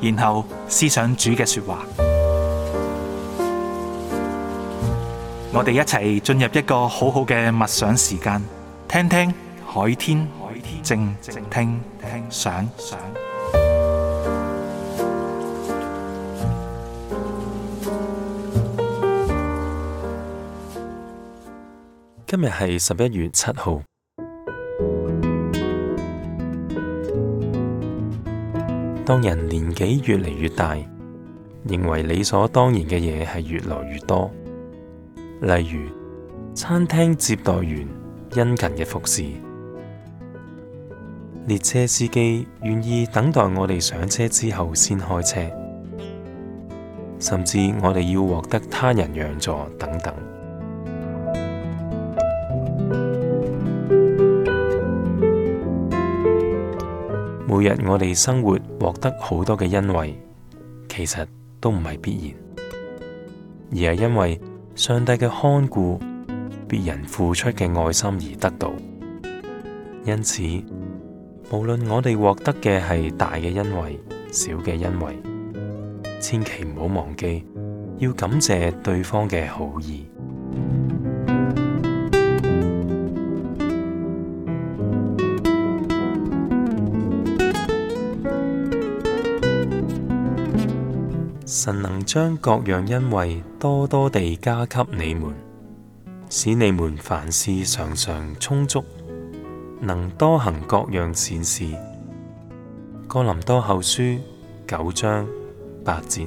然後思想主嘅說話，嗯、我哋一齊進入一個好好嘅默想時間，聽聽海天靜靜聽聽想。今日係十一月七號。當人年紀越嚟越大，認為理所當然嘅嘢係越來越多，例如餐廳接待員殷勤嘅服侍、列車司機願意等待我哋上車之後先開車，甚至我哋要獲得他人讓座等等。每日我哋生活獲得好多嘅恩惠，其實都唔係必然，而係因為上帝嘅看顧、別人付出嘅愛心而得到。因此，無論我哋獲得嘅係大嘅恩惠、小嘅恩惠，千祈唔好忘記要感謝對方嘅好意。神能將各樣恩惠多多地加給你們，使你們凡事常常充足，能多行各樣善事。哥林多後書九章八節。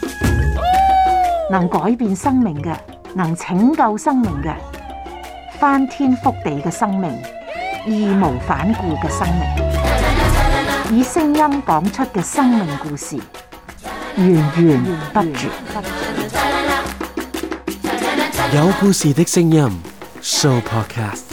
能改變生命嘅，能拯救生命嘅，翻天覆地嘅生命，義無反顧嘅生命，以聲音講出嘅生命故事，源源不絕。有故事的聲音，Sooo Podcast。